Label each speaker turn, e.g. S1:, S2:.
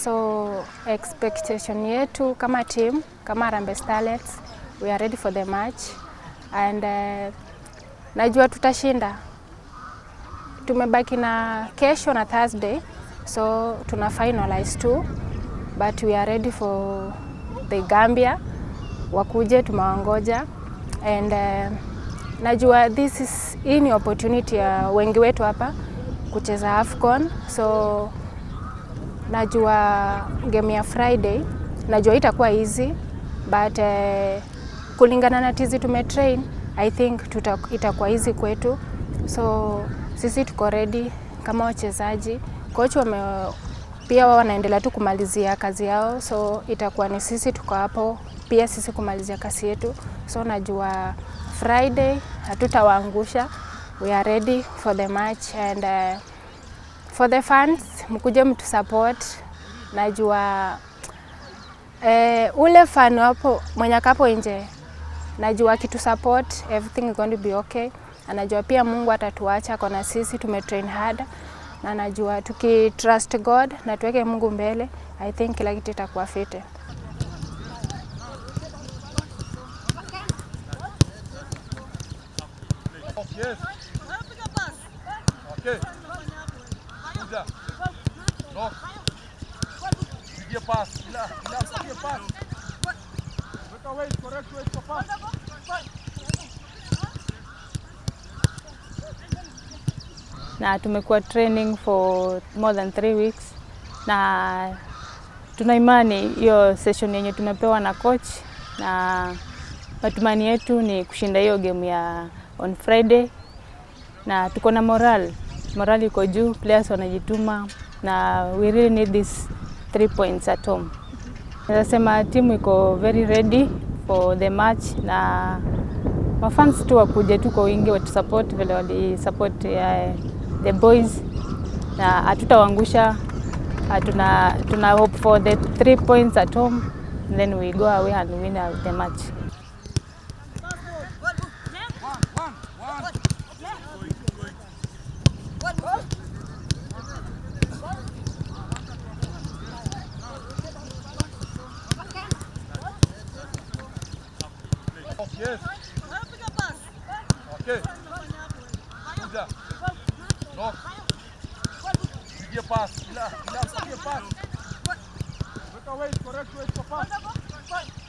S1: So expectation yetu kama team kama Harambee Starlets we are ready for the match and uh, najua tutashinda. Tumebaki na kesho na Thursday so tuna finalize tu but we are ready for the Gambia wakuje, tumewangoja and uh, najua this is in opportunity ya wengi wetu hapa kucheza AFCON so Najua game ya Friday najua itakuwa easy but uh, kulingana na tizi tumetrain I think tuta, itakuwa easy kwetu, so sisi tuko ready kama wachezaji. Coach wame pia wao wanaendelea tu kumalizia kazi yao, so itakuwa ni sisi tuko hapo pia sisi kumalizia kazi yetu, so najua Friday hatutawaangusha. We are ready for the match and uh, for the fans mkuje mtu support. Najua eh, ule fan wapo mwenye kapo nje, najua kitu support everything is going to be okay. Anajua pia Mungu atatuacha kona, sisi tumetrain hard, na najua trust God na tuweke Mungu mbele, I think kila kitu itakuwa fite. Yes. Okay
S2: correct Na tumekuwa training for more than three weeks na tuna imani hiyo session yenye tumepewa na coach, na matumani yetu ni kushinda hiyo game ya on Friday, na tuko na moral morali iko juu, players wanajituma na we really need this three points at home. Nasema timu iko very ready for the match na mafans tu wakuje tu kwa wingi support vile wali support uh, the boys na uh, Tuna, tuna hope for the three points at home and then we go away and win the match. Yes. Okay. passa. Nok. Где passa. Ля, ля, passa. пас? Get away, correct way for pass.